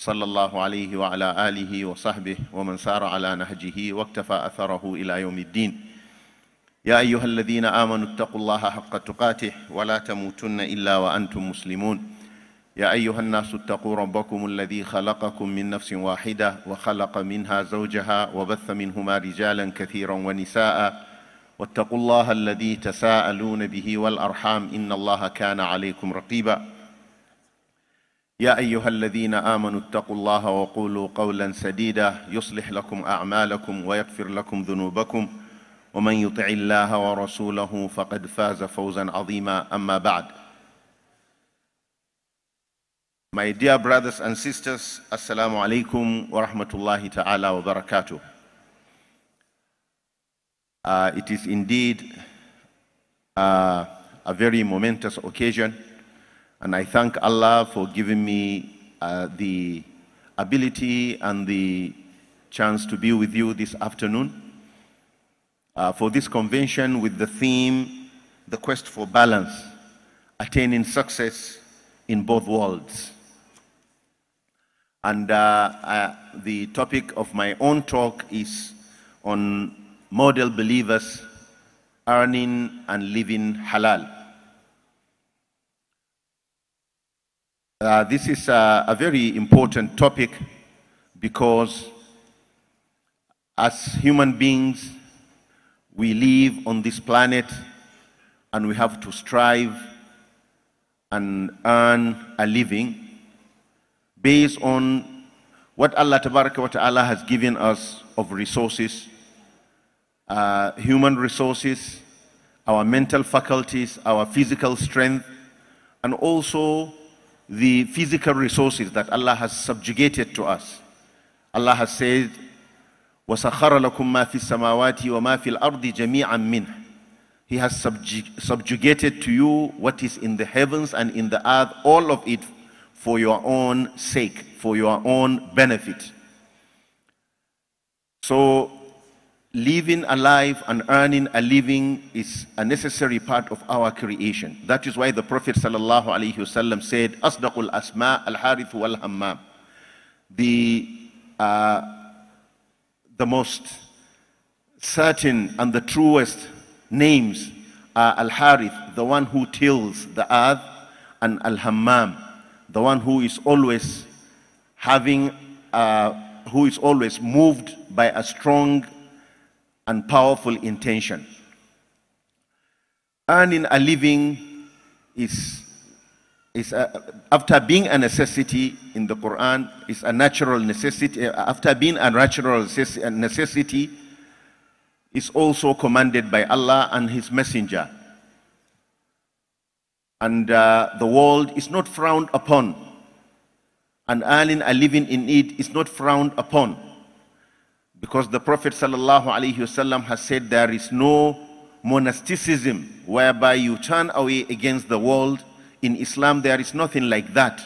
صلى الله عليه وعلى آله وصحبه ومن سار على نهجه واكتفى أثره إلى يوم الدين يا أيها الذين آمنوا اتقوا الله حق تقاته ولا تموتن إلا وأنتم مسلمون يا أيها الناس اتقوا ربكم الذي خلقكم من نفس واحدة وخلق منها زوجها وبث منهما رجالا كثيرا ونساء واتقوا الله الذي تساءلون به والأرحام إن الله كان عليكم رقيباً يا ايها الذين امنوا اتقوا الله وقولوا قولا سديدا يصلح لكم اعمالكم ويغفر لكم ذنوبكم ومن يطع الله ورسوله فقد فاز فوزا عظيما اما بعد My dear brothers and sisters, السلام عليكم ورحمة الله تعالى وبركاته Uh, it is indeed uh, a very momentous occasion And I thank Allah for giving me uh, the ability and the chance to be with you this afternoon uh, for this convention with the theme, The Quest for Balance, Attaining Success in Both Worlds. And uh, uh the topic of my own talk is on model believers earning and living halal. Uh, this is a, uh, a very important topic because as human beings, we live on this planet and we have to strive and earn a living based on what Allah wa ta'ala has given us of resources, uh, human resources, our mental faculties, our physical strength, and also the physical resources that Allah has subjugated to us. Allah has said, وَسَخَرَ لَكُم مَا فِي السَّمَاوَاتِ وَمَا فِي الْأَرْضِ جَمِيعًا مِّنْهِ He has subjugated to you what is in the heavens and in the earth, all of it for your own sake, for your own benefit. So living alive and earning a living is a necessary part of our creation. That is why the Prophet ﷺ said, Asdaqul asma al-harith wal-hammam. The, uh, the most certain and the truest names are al-harith, the one who tills the earth, and al-hammam, the one who is always having, uh, who is always moved by a strong and powerful intention. Earning a living is, is a, after being a necessity in the Quran, is a natural necessity. After being a natural necessity, is also commanded by Allah and His Messenger. And uh, the world is not frowned upon, and earning a living in it is not frowned upon. Because the Prophet ﷺ has said there is no monasticism whereby you turn away against the world. In Islam, there is nothing like that.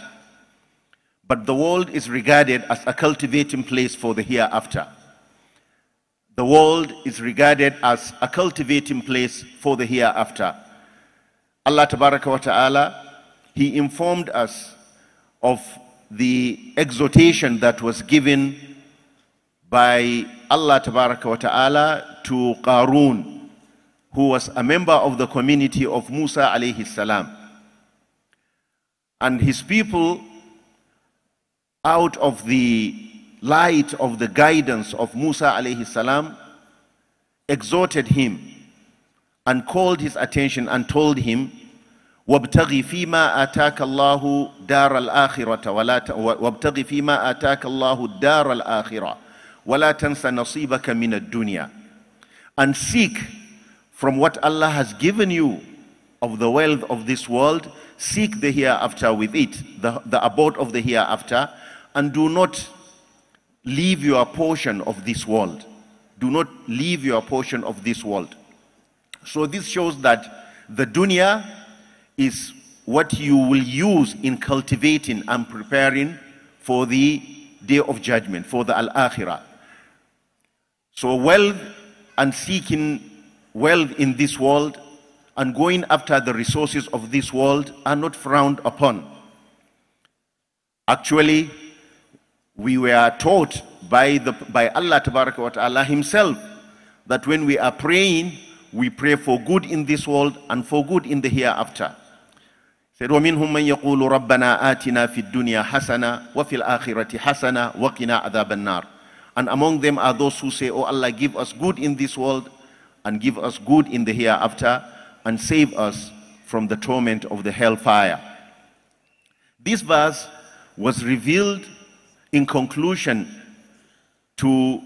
But the world is regarded as a cultivating place for the hereafter. The world is regarded as a cultivating place for the hereafter. Allah wa ta'ala, He informed us of the exhortation that was given by Allah Tabaraka wa Ta'ala to Qarun, who was a member of the community of Musa alayhi salam. And his people, out of the light of the guidance of Musa alayhi salam, exhorted him and called his attention and told him, وابتغ فيما آتاك الله دار الآخرة وابتغ فيما آتاك الله الآخرة وَلَا تَنْسَ نَصِيبَكَ مِنَ And seek from what Allah has given you of the wealth of this world, seek the hereafter with it, the, the abode of the hereafter, and do not leave your portion of this world. Do not leave your portion of this world. So this shows that the dunya is what you will use in cultivating and preparing for the day of judgment, for the al-akhirah. So wealth and seeking wealth in this world and going after the resources of this world are not frowned upon. Actually, we were taught by, the, by Allah wa ta'ala himself that when we are praying, we pray for good in this world and for good in the hereafter. said, وَمِنْهُمْ مَنْ يَقُولُ رَبَّنَا آتِنَا فِي الدُّنْيَا حَسَنَةً وَفِي الْآخِرَةِ حَسَنَةً وَقِنَا عَذَابَ النَّارِ and among them are those who say, Oh Allah, give us good in this world and give us good in the hereafter and save us from the torment of the hellfire. This verse was revealed in conclusion to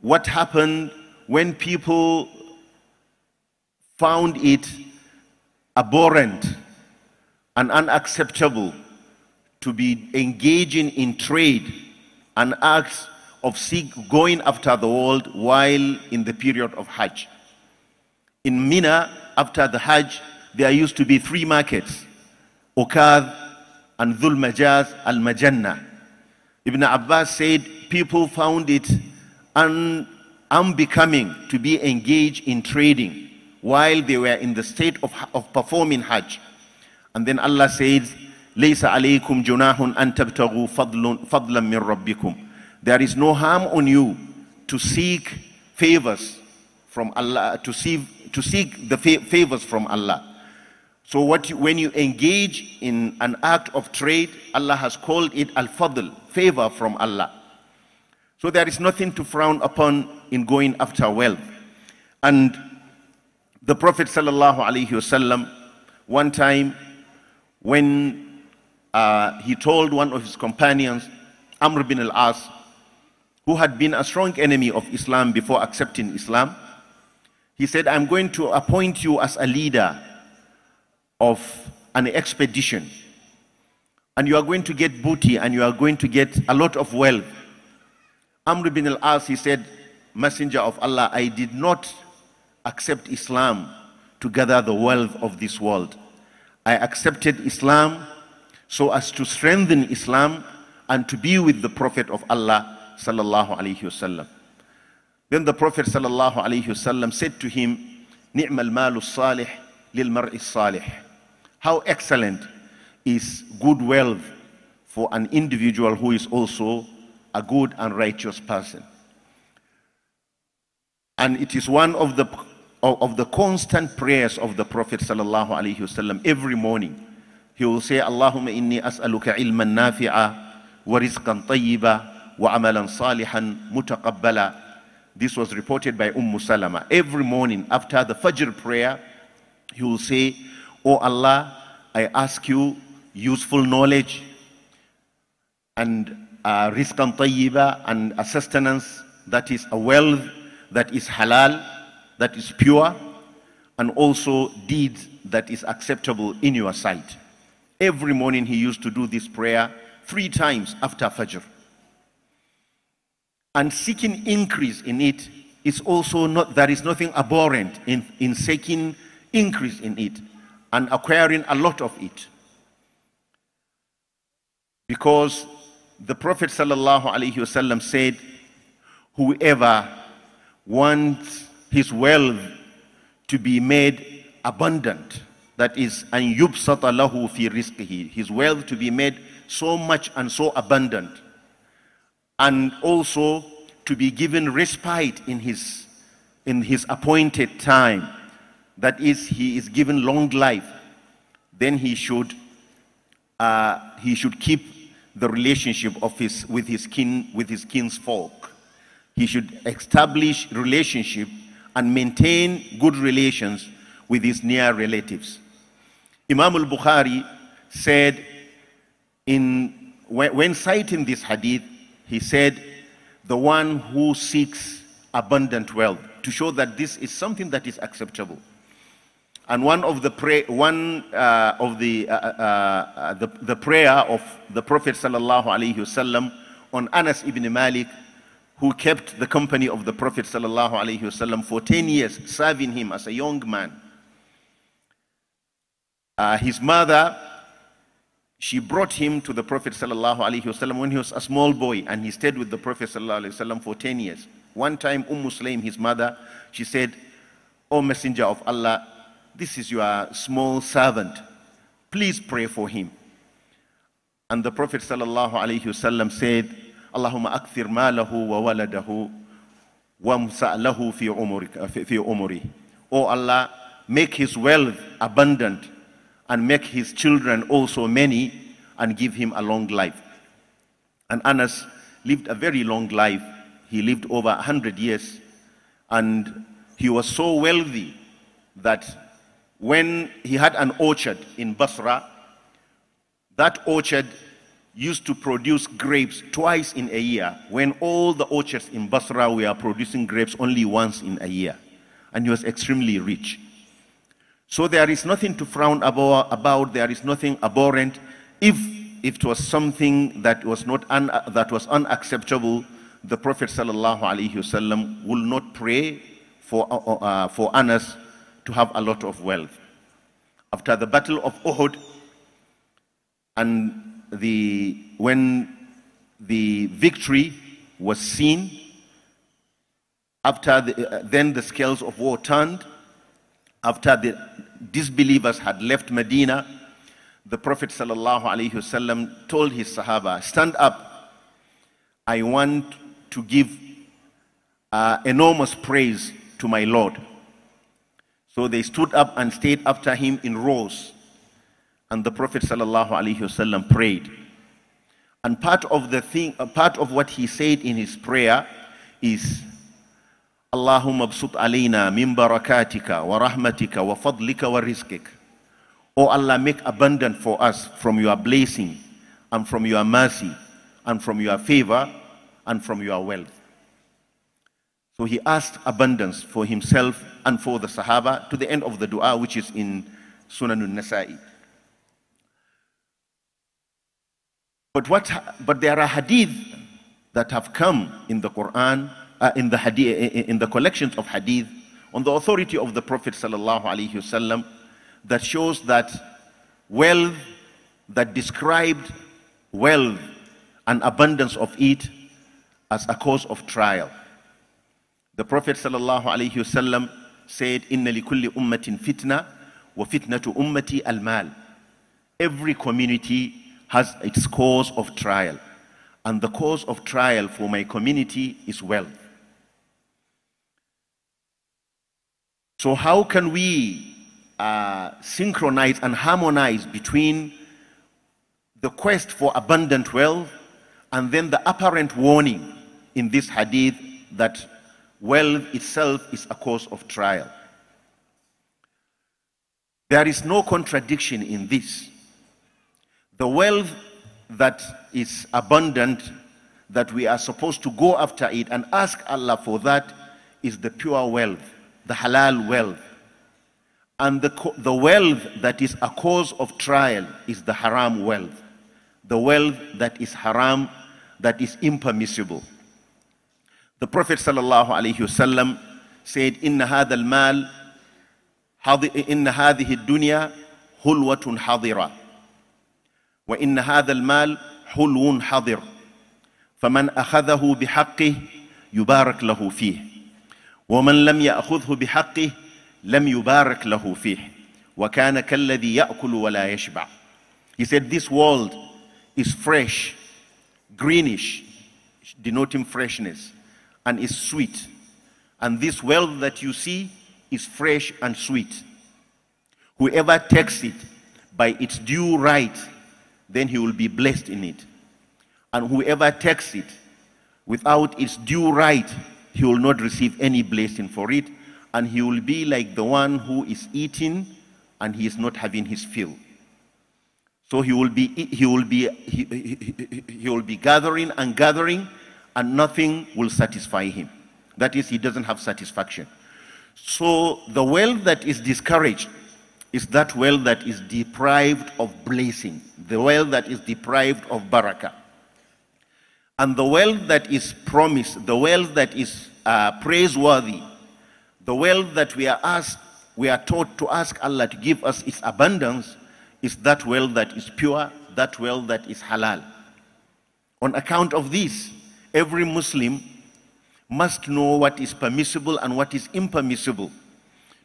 what happened when people found it abhorrent and unacceptable to be engaging in trade and acts of going after the world while in the period of Hajj. In Mina, after the Hajj, there used to be three markets, Okad and Dhul Majaz al-Majannah. Ibn Abbas said people found it un unbecoming to be engaged in trading while they were in the state of, of performing Hajj. And then Allah says, لَيْسَ عَلَيْكُمْ جُنَاهٌ أَن تَبْتَغُوا فَضْلًا مِّن رَبِّكُمْ there is no harm on you to seek favors from Allah, to seek, to seek the favors from Allah. So what you, when you engage in an act of trade, Allah has called it al-fadl, favor from Allah. So there is nothing to frown upon in going after wealth. And the Prophet sallallahu alaihi wasallam, one time when uh, he told one of his companions, Amr bin al-As, who had been a strong enemy of Islam before accepting Islam, he said, I'm going to appoint you as a leader of an expedition. And you are going to get booty and you are going to get a lot of wealth. Amr bin al-As, he said, Messenger of Allah, I did not accept Islam to gather the wealth of this world. I accepted Islam so as to strengthen Islam and to be with the Prophet of Allah sallallahu alayhi wasallam. Then the Prophet sallallahu alayhi wasallam said to him, "Ni'mal malu salih lil mar'i salih." How excellent is good wealth for an individual who is also a good and righteous person. And it is one of the of the constant prayers of the Prophet sallallahu alayhi wasallam every morning. He will say, Allahumma inni as'aluka ilman nafi'a wa rizqan tayyiba وَعَمَلًا صَالِحًا مُتَقَبَّلًا This was reported by Umm Salama. Every morning after the Fajr prayer, he will say, O oh Allah, I ask you useful knowledge and uh, rizqan and a sustenance that is a wealth that is halal, that is pure, and also deeds that is acceptable in your sight. Every morning he used to do this prayer three times after Fajr and seeking increase in it is also not, there is nothing abhorrent in, in seeking increase in it and acquiring a lot of it. Because the Prophet sallallahu alaihi wasallam said, Whoever wants his wealth to be made abundant, that is, and yubsata lahu fi rizqihi, his wealth to be made so much and so abundant, and also to be given respite in his, in his appointed time. That is, he is given long life. Then he should, uh, he should keep the relationship of his, with, his kin, with his kinsfolk. He should establish relationship and maintain good relations with his near relatives. Imam al-Bukhari said in, when citing this hadith, he said, the one who seeks abundant wealth, to show that this is something that is acceptable. And one of the pray, one uh, of the, uh, uh, uh the, the prayer of the Prophet sallallahu alaihi wasallam on Anas ibn Malik, who kept the company of the Prophet sallallahu alaihi wasallam for ten years, serving him as a young man. Uh, his mother she brought him to the Prophet ﷺ when he was a small boy and he stayed with the Prophet ﷺ for 10 years. One time, Umm Muslim, his mother, she said, O Messenger of Allah, this is your small servant. Please pray for him. And the Prophet ﷺ said, Allahumma akthir malahu wa waladahu wa msa'lahu fi umuri." O Allah, make his wealth abundant and make his children also many and give him a long life. And Anas lived a very long life. He lived over 100 years and he was so wealthy that when he had an orchard in Basra, that orchard used to produce grapes twice in a year when all the orchards in Basra were producing grapes only once in a year. And he was extremely rich. So there is nothing to frown about, there is nothing abhorrent. If it was something that was, not that was unacceptable, the Prophet ﷺ will not pray for, uh, uh, uh, for Anas to have a lot of wealth. After the Battle of Uhud, and the, when the victory was seen, after the, uh, then the scales of war turned, after the disbelievers had left Medina, the Prophet ﷺ told his Sahaba, Stand up. I want to give uh, enormous praise to my Lord. So they stood up and stayed after him in rows. And the Prophet ﷺ prayed. And part of the thing, uh, part of what he said in his prayer is Allahumma min barakatika wa rahmatika wa fadlika wa ورزقك O Allah make abundant for us from your blessing and from your mercy and from your favor and from your wealth. So he asked abundance for himself and for the Sahaba to the end of the dua which is in Sunan al-Nasa'i. But, what, but there are hadith that have come in the Quran uh, in, the hadith, in the collections of hadith on the authority of the Prophet wasallam that shows that wealth that described wealth and abundance of it as a cause of trial. The Prophet wasallam said, Inna li kulli ummatin fitna wa fitnatu ummati al mal. Every community has its cause of trial. And the cause of trial for my community is wealth. So, how can we uh, synchronize and harmonize between the quest for abundant wealth and then the apparent warning in this hadith that wealth itself is a cause of trial? There is no contradiction in this. The wealth that is abundant, that we are supposed to go after it and ask Allah for that, is the pure wealth the halal wealth. And the, the wealth that is a cause of trial is the haram wealth. The wealth that is haram, that is impermissible. The Prophet ﷺ said, Inna hadha al-mal, inna hadhihi dunya hulwatun hadira. Wa inna hadha al-mal hulwun hadir. فمن أخذه بحقه يبارك له فيه ومن لم يأخذه بحقه لم يبارك له فيه وكان كالذي يأكل ولا يشبع He said this world is fresh, greenish, denoting freshness, and is sweet. And this wealth that you see is fresh and sweet. Whoever takes it by its due right, then he will be blessed in it. And whoever takes it without its due right, he will not receive any blessing for it, and he will be like the one who is eating and he is not having his fill. So he will be, he will be, he, he, he will be gathering and gathering, and nothing will satisfy him. That is, he doesn't have satisfaction. So the wealth that is discouraged is that wealth that is deprived of blessing, the wealth that is deprived of barakah. And the wealth that is promised, the wealth that is uh, praiseworthy. The wealth that we are asked, we are taught to ask Allah to give us its abundance is that wealth that is pure, that wealth that is halal. On account of this, every Muslim must know what is permissible and what is impermissible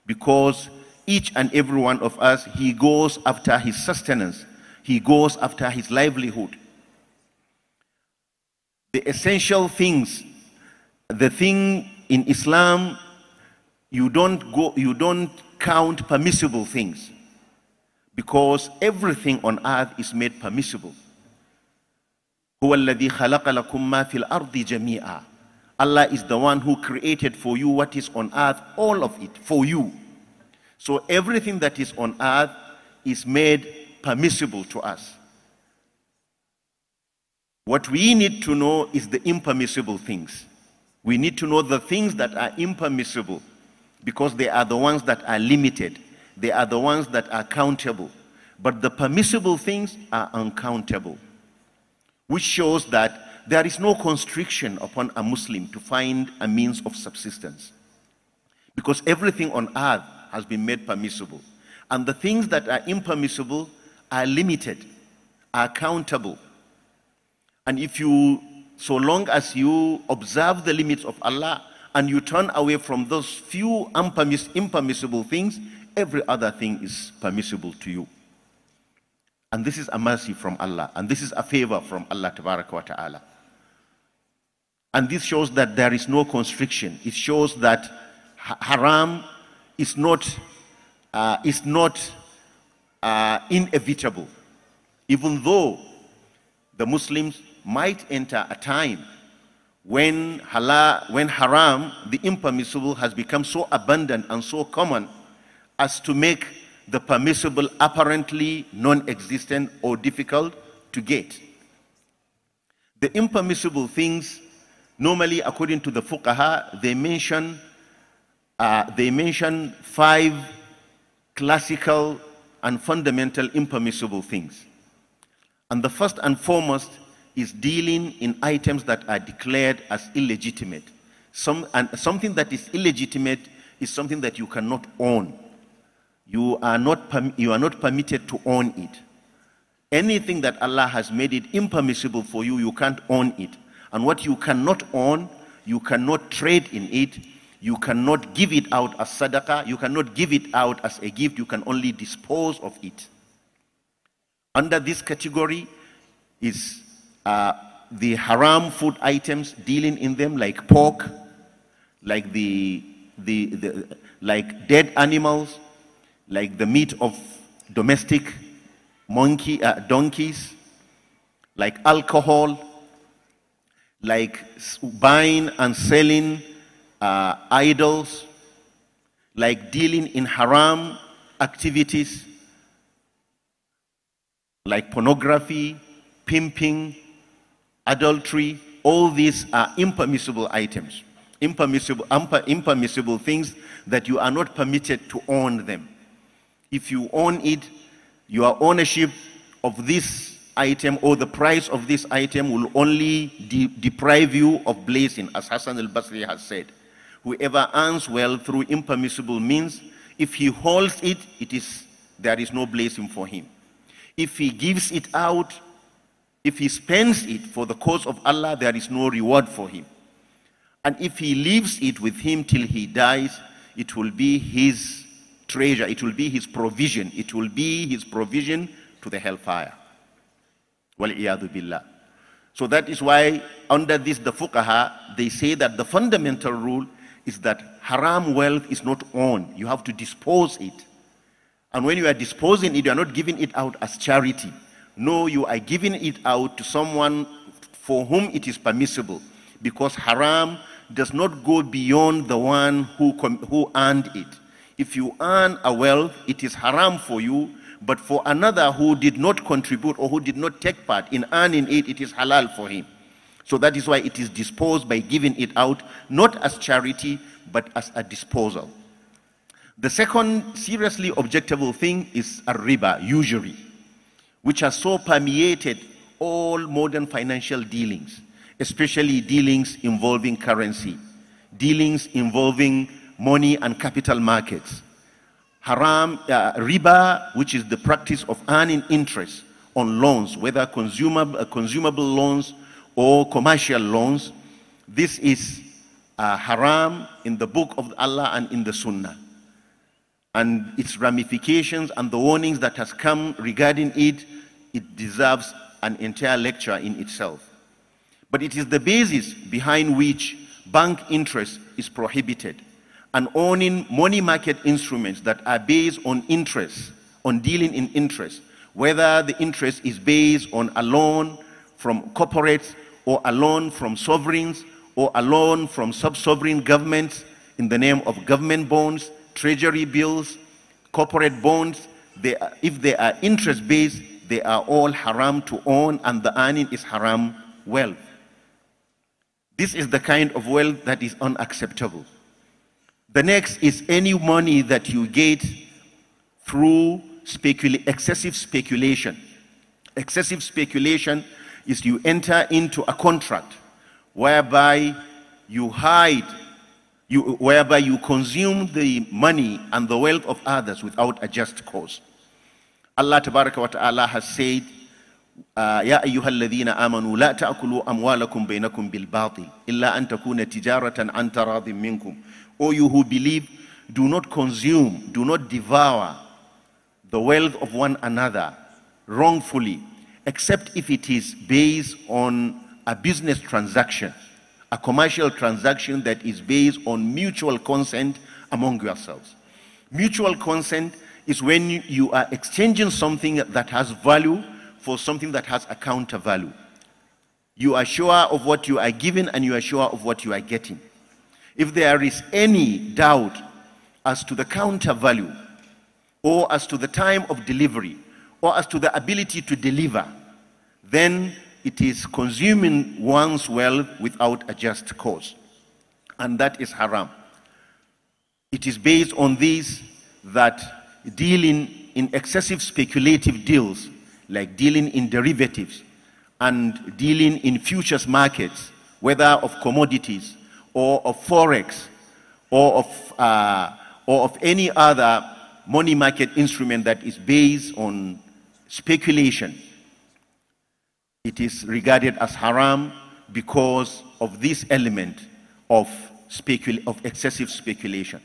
because each and every one of us, he goes after his sustenance, he goes after his livelihood. The essential things the thing in Islam, you don't, go, you don't count permissible things because everything on earth is made permissible. Allah is the one who created for you what is on earth, all of it, for you. So everything that is on earth is made permissible to us. What we need to know is the impermissible things. We need to know the things that are impermissible because they are the ones that are limited. They are the ones that are countable. But the permissible things are uncountable, which shows that there is no constriction upon a Muslim to find a means of subsistence because everything on earth has been made permissible. And the things that are impermissible are limited, are countable. And if you so long as you observe the limits of Allah and you turn away from those few impermissible things, every other thing is permissible to you. And this is a mercy from Allah. And this is a favor from Allah wa ta'ala. And this shows that there is no constriction. It shows that haram is not, uh, is not uh, inevitable. Even though the Muslims might enter a time when, hala, when haram, the impermissible, has become so abundant and so common as to make the permissible apparently non existent or difficult to get. The impermissible things, normally according to the fuqaha, they mention, uh, they mention five classical and fundamental impermissible things. And the first and foremost is dealing in items that are declared as illegitimate. Some, and something that is illegitimate is something that you cannot own. You are not, you are not permitted to own it. Anything that Allah has made it impermissible for you, you can't own it. And what you cannot own, you cannot trade in it, you cannot give it out as sadaqah, you cannot give it out as a gift, you can only dispose of it. Under this category is uh, the haram food items, dealing in them like pork, like the, the, the like dead animals, like the meat of domestic monkey, uh, donkeys, like alcohol, like buying and selling uh, idols, like dealing in haram activities, like pornography, pimping, adultery, all these are impermissible items, impermissible, impermissible things that you are not permitted to own them. If you own it, your ownership of this item or the price of this item will only de deprive you of blessing, as Hassan al-Basri has said. Whoever earns well through impermissible means, if he holds it, it is, there is no blessing for him. If he gives it out, if he spends it for the cause of Allah, there is no reward for him. And if he leaves it with him till he dies, it will be his treasure, it will be his provision, it will be his provision to the hellfire. billah. So that is why under this the fuqaha, they say that the fundamental rule is that haram wealth is not owned. You have to dispose it. And when you are disposing it, you are not giving it out as charity. No, you are giving it out to someone for whom it is permissible because haram does not go beyond the one who, who earned it. If you earn a wealth, it is haram for you, but for another who did not contribute or who did not take part in earning it, it is halal for him. So that is why it is disposed by giving it out, not as charity, but as a disposal. The second seriously objectable thing is a riba, usury which has so permeated all modern financial dealings, especially dealings involving currency, dealings involving money and capital markets. Haram, uh, riba, which is the practice of earning interest on loans, whether consumer, uh, consumable loans or commercial loans. This is uh, haram in the book of Allah and in the sunnah and its ramifications and the warnings that has come regarding it, it deserves an entire lecture in itself. But it is the basis behind which bank interest is prohibited and owning money market instruments that are based on interest, on dealing in interest, whether the interest is based on a loan from corporates or a loan from sovereigns or a loan from sub-sovereign governments in the name of government bonds, treasury bills, corporate bonds, they are, if they are interest-based, they are all haram to own and the earning is haram wealth. This is the kind of wealth that is unacceptable. The next is any money that you get through specula excessive speculation. Excessive speculation is you enter into a contract whereby you hide you, whereby you consume the money and the wealth of others without a just cause. Allah tabaraka wa ta'ala has said, uh, "Ya أيها الذين آمنوا لا تأكلوا أموالكم بينكم بالباطل illa أن تكون تجارة عن O you who believe, do not consume, do not devour the wealth of one another wrongfully, except if it is based on a business transaction a commercial transaction that is based on mutual consent among yourselves. Mutual consent is when you, are exchanging something that has value for something that has a counter value. You are sure of what you are giving and you are sure of what you are getting. If there is any doubt as to the counter value or as to the time of delivery or as to the ability to deliver, then it is consuming one's wealth without a just cause. And that is haram. It is based on this that dealing in excessive speculative deals, like dealing in derivatives and dealing in futures markets, whether of commodities or of forex or of, uh, or of any other money market instrument that is based on speculation it is regarded as haram because of this element of, of excessive speculation.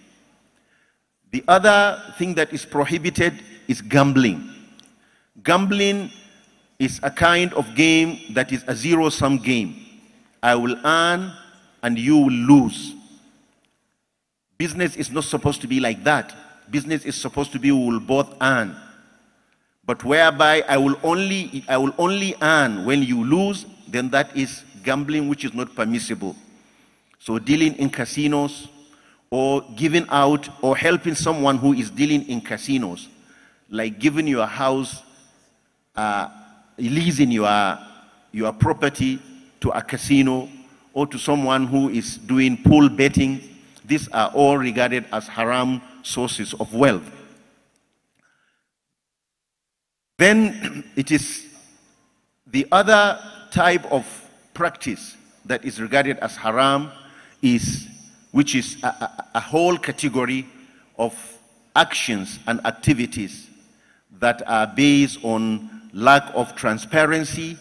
The other thing that is prohibited is gambling. Gambling is a kind of game that is a zero sum game. I will earn and you will lose. Business is not supposed to be like that. Business is supposed to be we will both earn but whereby I will only, I will only earn when you lose, then that is gambling which is not permissible. So dealing in casinos or giving out or helping someone who is dealing in casinos, like giving your house, uh, leasing your, your property to a casino or to someone who is doing pool betting, these are all regarded as haram sources of wealth. Then it is the other type of practice that is regarded as haram is, which is a, a, a whole category of actions and activities that are based on lack of transparency,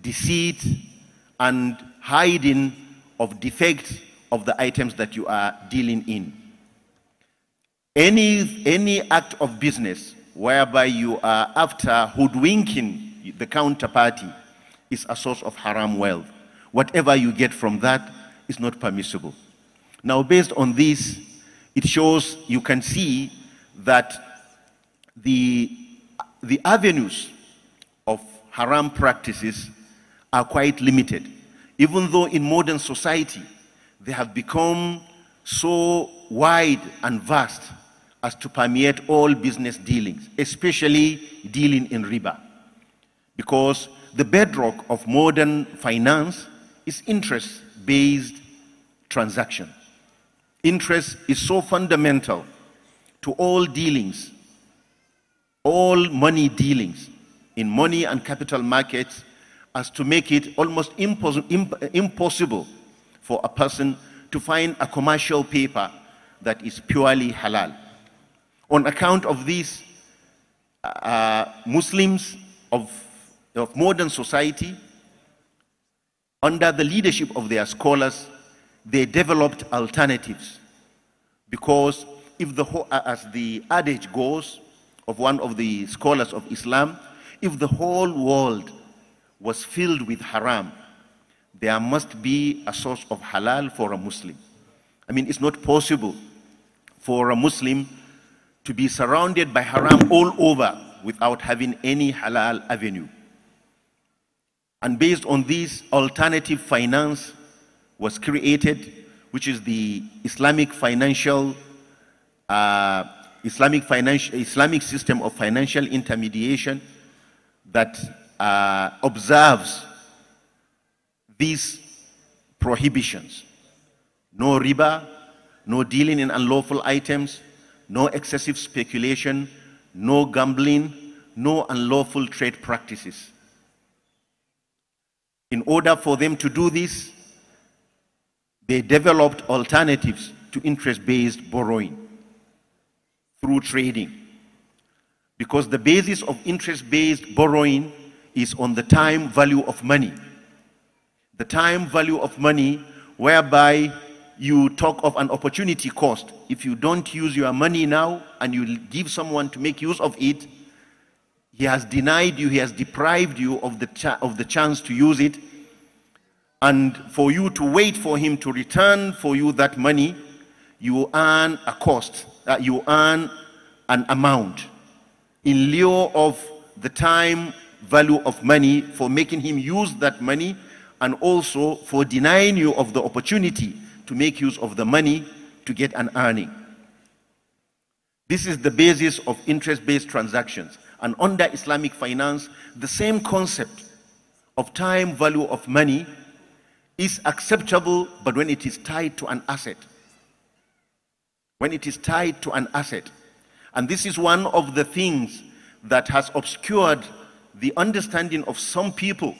deceit, and hiding of defects of the items that you are dealing in. Any, any act of business whereby you are after hoodwinking the counterparty is a source of haram wealth. Whatever you get from that is not permissible. Now, based on this, it shows you can see that the, the avenues of haram practices are quite limited, even though in modern society they have become so wide and vast as to permeate all business dealings, especially dealing in riba. Because the bedrock of modern finance is interest based transaction. Interest is so fundamental to all dealings, all money dealings in money and capital markets as to make it almost impos imp impossible for a person to find a commercial paper that is purely halal on account of these uh, Muslims of, of modern society, under the leadership of their scholars, they developed alternatives. Because if the, uh, as the adage goes of one of the scholars of Islam, if the whole world was filled with haram, there must be a source of halal for a Muslim. I mean, it's not possible for a Muslim to be surrounded by haram all over without having any halal avenue. And based on this, alternative finance was created, which is the Islamic financial, uh, Islamic financial, Islamic system of financial intermediation that uh, observes these prohibitions. No riba, no dealing in unlawful items, no excessive speculation, no gambling, no unlawful trade practices. In order for them to do this, they developed alternatives to interest-based borrowing through trading. Because the basis of interest-based borrowing is on the time value of money. The time value of money whereby you talk of an opportunity cost. If you don't use your money now and you give someone to make use of it, he has denied you, he has deprived you of the, of the chance to use it. And for you to wait for him to return for you that money, you earn a cost, uh, you earn an amount in lieu of the time value of money for making him use that money and also for denying you of the opportunity to make use of the money to get an earning. This is the basis of interest-based transactions. And under Islamic finance, the same concept of time value of money is acceptable, but when it is tied to an asset. When it is tied to an asset. And this is one of the things that has obscured the understanding of some people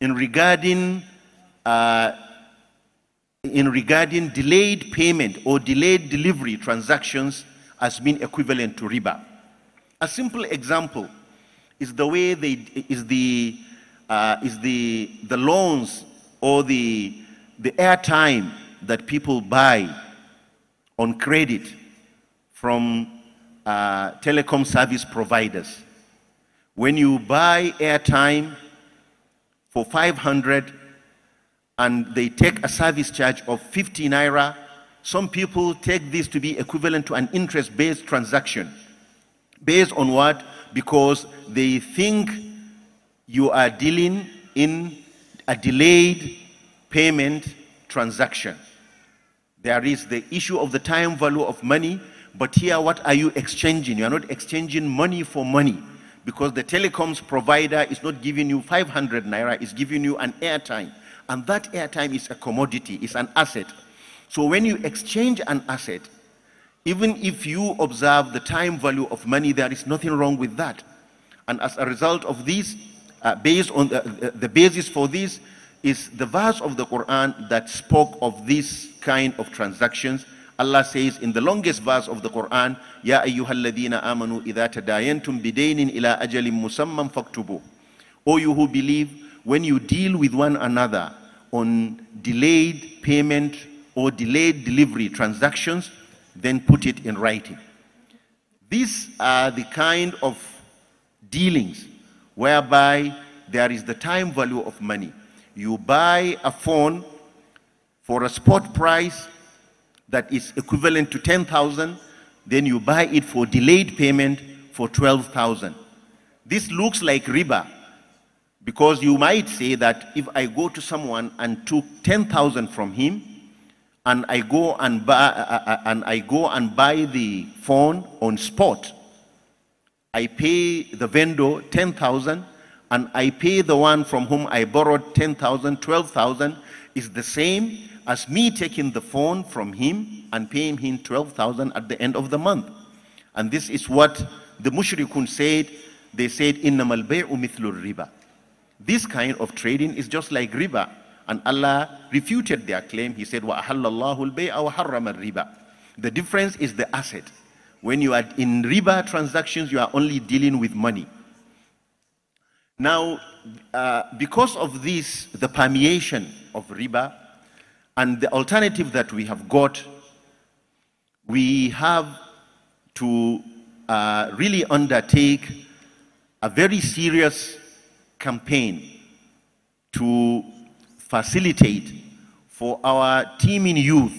in regarding uh, in regarding delayed payment or delayed delivery transactions as being equivalent to riba. A simple example is the way they is the uh, is the the loans or the the airtime that people buy on credit from uh, telecom service providers. When you buy airtime for 500 and they take a service charge of 50 naira. Some people take this to be equivalent to an interest based transaction. Based on what? Because they think you are dealing in a delayed payment transaction. There is the issue of the time value of money, but here what are you exchanging? You are not exchanging money for money because the telecoms provider is not giving you 500 naira, it's giving you an airtime. And that airtime is a commodity, it's an asset. So when you exchange an asset, even if you observe the time value of money, there is nothing wrong with that. And as a result of this, uh, based on the, uh, uh, the basis for this is the verse of the Quran that spoke of this kind of transactions. Allah says in the longest verse of the Quran, Ya ayyuhalladhina amanu idha tadayantum bidainin ila ajalim musamman faktubu. O you who believe, when you deal with one another on delayed payment or delayed delivery transactions, then put it in writing. These are the kind of dealings whereby there is the time value of money. You buy a phone for a spot price that is equivalent to 10,000, then you buy it for delayed payment for 12,000. This looks like riba, because you might say that if I go to someone and took 10,000 from him, and I go and buy, uh, uh, uh, and I go and buy the phone on spot, I pay the vendor 10,000 and I pay the one from whom I borrowed 10,000, 12,000 is the same as me taking the phone from him and paying him 12,000 at the end of the month. And this is what the mushrikun said. They said, إِنَّمَا الْبَيْعُ مِثْلُ riba." This kind of trading is just like riba. And Allah refuted their claim. He said, وَأَحَلَّ The difference is the asset. When you are in riba transactions, you are only dealing with money. Now, uh, because of this, the permeation of riba and the alternative that we have got, we have to uh, really undertake a very serious campaign to facilitate for our team in youth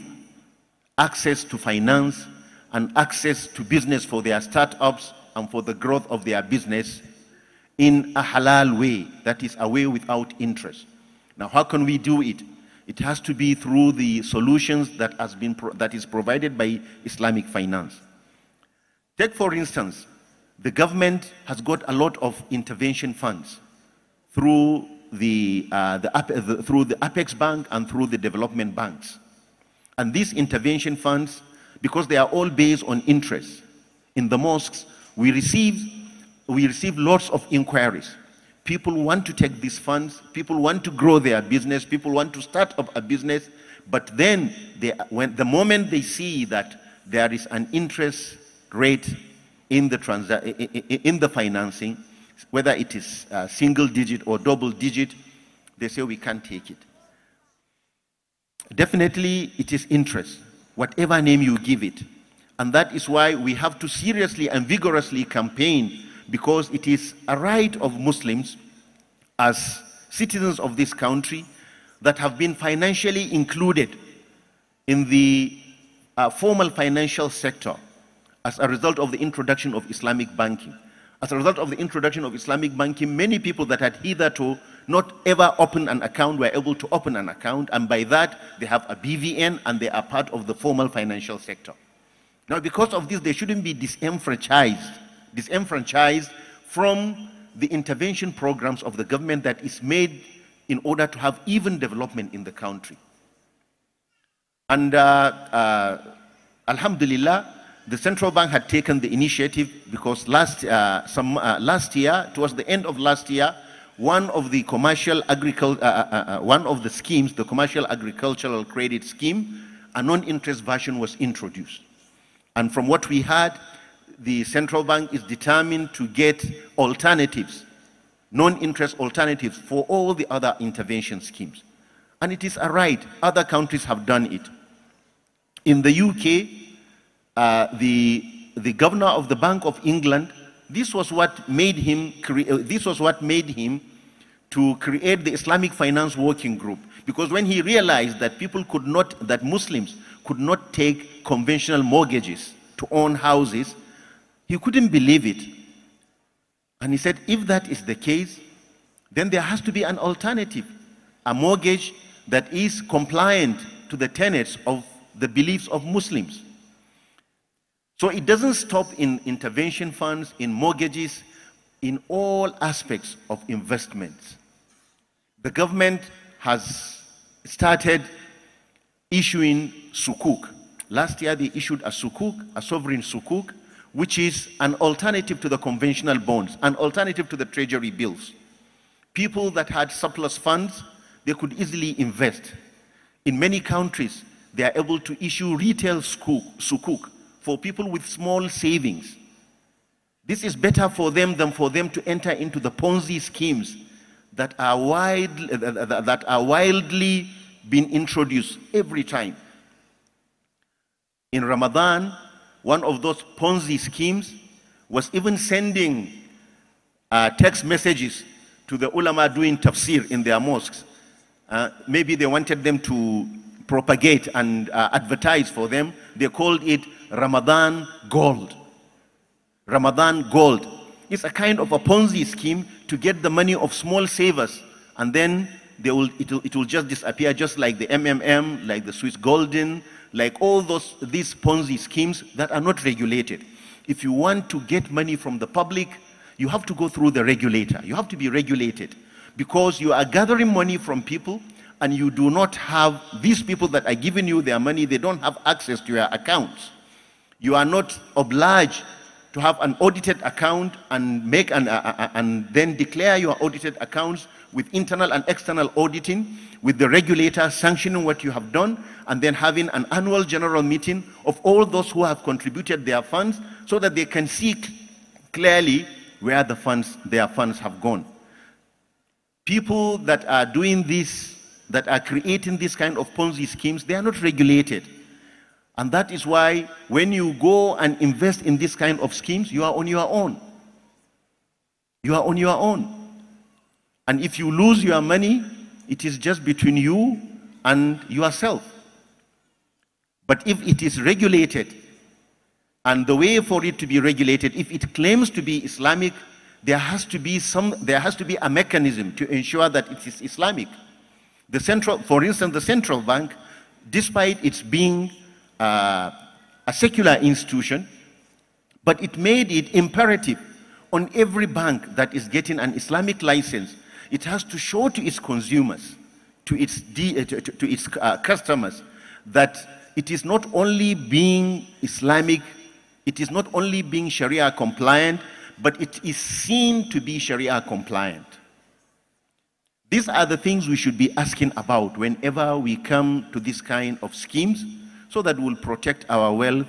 access to finance and access to business for their startups and for the growth of their business in a halal way, that is, a way without interest. Now, how can we do it? It has to be through the solutions that, has been that is provided by Islamic finance. Take, for instance, the government has got a lot of intervention funds through the, uh, the, the, through the Apex Bank and through the development banks. And these intervention funds, because they are all based on interest, in the mosques, we receive, we receive lots of inquiries. People want to take these funds, people want to grow their business, people want to start up a business, but then they, when, the moment they see that there is an interest rate in the, in the financing, whether it is uh, single digit or double digit, they say we can't take it. Definitely, it is interest, whatever name you give it. And that is why we have to seriously and vigorously campaign because it is a right of Muslims as citizens of this country that have been financially included in the uh, formal financial sector as a result of the introduction of Islamic banking. As a result of the introduction of Islamic banking, many people that had hitherto not ever opened an account were able to open an account, and by that, they have a BVN and they are part of the formal financial sector. Now, because of this, they shouldn't be disenfranchised, disenfranchised from the intervention programs of the government that is made in order to have even development in the country. And uh, uh, Alhamdulillah, the central bank had taken the initiative because last, uh, some, uh, last year, towards the end of last year, one of the commercial agricul- uh, uh, uh, uh, one of the schemes, the commercial agricultural credit scheme, a non-interest version was introduced. And from what we heard, the central bank is determined to get alternatives, non-interest alternatives for all the other intervention schemes. And it is a right. Other countries have done it. In the UK, uh, the, the governor of the Bank of England, this was what made him, uh, this was what made him to create the Islamic Finance Working Group. Because when he realized that people could not, that Muslims could not take conventional mortgages to own houses, he couldn't believe it. And he said, if that is the case, then there has to be an alternative, a mortgage that is compliant to the tenets of the beliefs of Muslims. So it doesn't stop in intervention funds, in mortgages, in all aspects of investments. The government has started issuing sukuk. Last year they issued a sukuk, a sovereign sukuk, which is an alternative to the conventional bonds, an alternative to the treasury bills. People that had surplus funds, they could easily invest. In many countries, they are able to issue retail sukuk, sukuk for people with small savings. This is better for them than for them to enter into the Ponzi schemes that are, wide, that are wildly being introduced every time. In Ramadan, one of those Ponzi schemes was even sending uh, text messages to the ulama doing tafsir in their mosques. Uh, maybe they wanted them to propagate and uh, advertise for them. They called it Ramadan gold. Ramadan gold. It's a kind of a Ponzi scheme to get the money of small savers and then they will, it, will, it will just disappear just like the MMM, like the Swiss Golden, like all those, these Ponzi schemes that are not regulated. If you want to get money from the public, you have to go through the regulator. You have to be regulated because you are gathering money from people and you do not have these people that are giving you their money, they don't have access to your accounts. You are not obliged to have an audited account and make an, uh, uh, and then declare your audited accounts with internal and external auditing, with the regulator sanctioning what you have done, and then having an annual general meeting of all those who have contributed their funds so that they can see clearly where the funds, their funds have gone. People that are doing this, that are creating this kind of Ponzi schemes, they are not regulated. And that is why when you go and invest in this kind of schemes, you are on your own. You are on your own. And if you lose your money, it is just between you and yourself. But if it is regulated, and the way for it to be regulated, if it claims to be Islamic, there has to be some there has to be a mechanism to ensure that it is Islamic. The central, for instance, the central bank, despite its being uh, a secular institution, but it made it imperative on every bank that is getting an Islamic license, it has to show to its consumers, to its, uh, to, to its uh, customers, that it is not only being Islamic, it is not only being Sharia compliant, but it is seen to be Sharia compliant. These are the things we should be asking about whenever we come to this kind of schemes so that we'll protect our wealth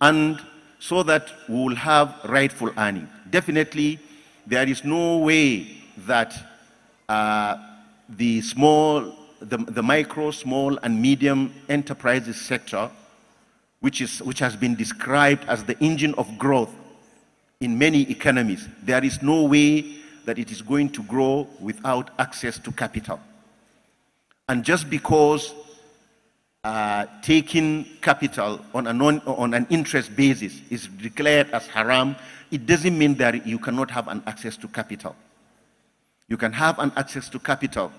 and so that we'll have rightful earning. Definitely, there is no way that uh, the small, the, the micro, small, and medium enterprises sector, which, is, which has been described as the engine of growth in many economies, there is no way that it is going to grow without access to capital. And just because uh, taking capital on, a non, on an interest basis is declared as haram, it doesn't mean that you cannot have an access to capital. You can have an access to capital.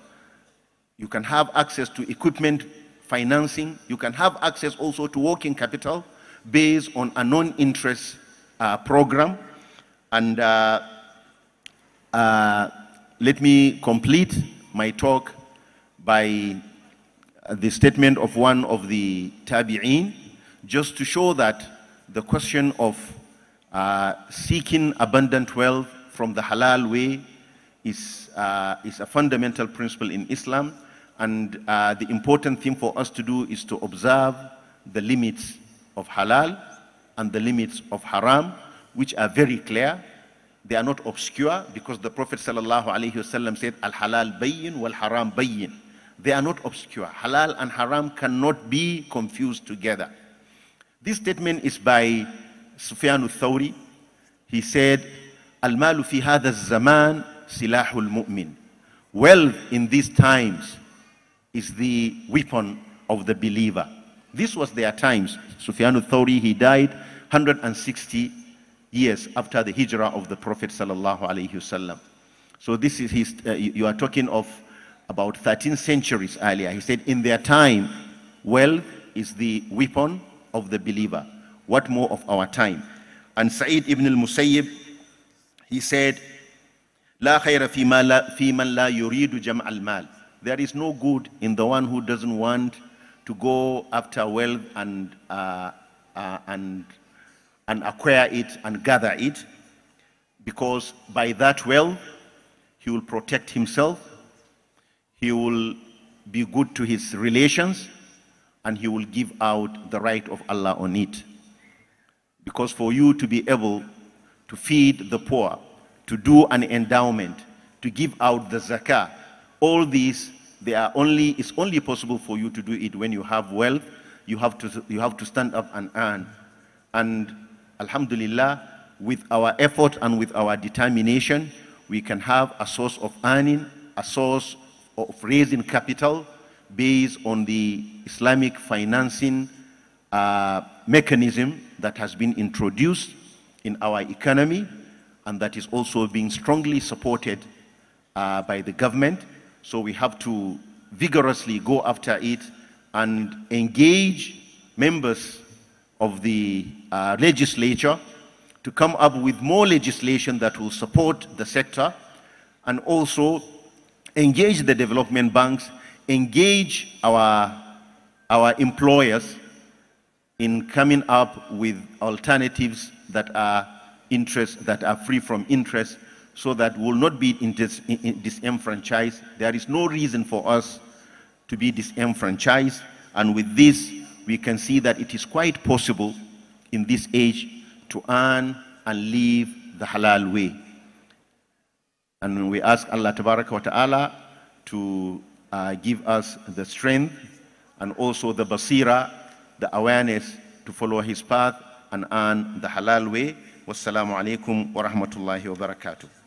You can have access to equipment financing. You can have access also to working capital based on a non-interest uh, program. And uh, uh, let me complete my talk by uh, the statement of one of the tabi'een just to show that the question of uh, seeking abundant wealth from the halal way is, uh, is a fundamental principle in Islam. And uh, the important thing for us to do is to observe the limits of halal and the limits of haram, which are very clear. They are not obscure because the Prophet ﷺ said, Al halal bayin wal haram bayin. They are not obscure. Halal and haram cannot be confused together. This statement is by Sufyan al-Thawri. He said, Al-malu fi hadha zaman silahul mu'min. Wealth in these times is the weapon of the believer. This was their times. Sufyan al-Thawri, he died 160 years after the hijrah of the Prophet sallallahu alaihi wasallam. So this is his, uh, you are talking of about 13 centuries earlier. He said, In their time, wealth is the weapon of the believer. What more of our time? And Sa'id ibn al Musayyib, he said, لا خير في من لا يريد جمع المال. There is no good in the one who doesn't want to go after wealth and, uh, uh, and, and acquire it and gather it, because by that wealth he will protect himself he will be good to his relations and he will give out the right of Allah on it. Because for you to be able to feed the poor, to do an endowment, to give out the zakah, all these, they are only, it's only possible for you to do it when you have wealth. You have to, you have to stand up and earn. And alhamdulillah, with our effort and with our determination, we can have a source of earning, a source of raising capital based on the Islamic financing uh, mechanism that has been introduced in our economy and that is also being strongly supported uh, by the government. So we have to vigorously go after it and engage members of the uh, legislature to come up with more legislation that will support the sector and also engage the development banks, engage our, our employers in coming up with alternatives that are interest, that are free from interest, so that will not be dis, disenfranchised. There is no reason for us to be disenfranchised. And with this, we can see that it is quite possible in this age to earn and live the halal way. And we ask Allah Ta'ala to uh, give us the strength and also the basira, the awareness to follow his path and earn the halal way. Wassalamu alaikum wa rahmatullahi wa barakatuh.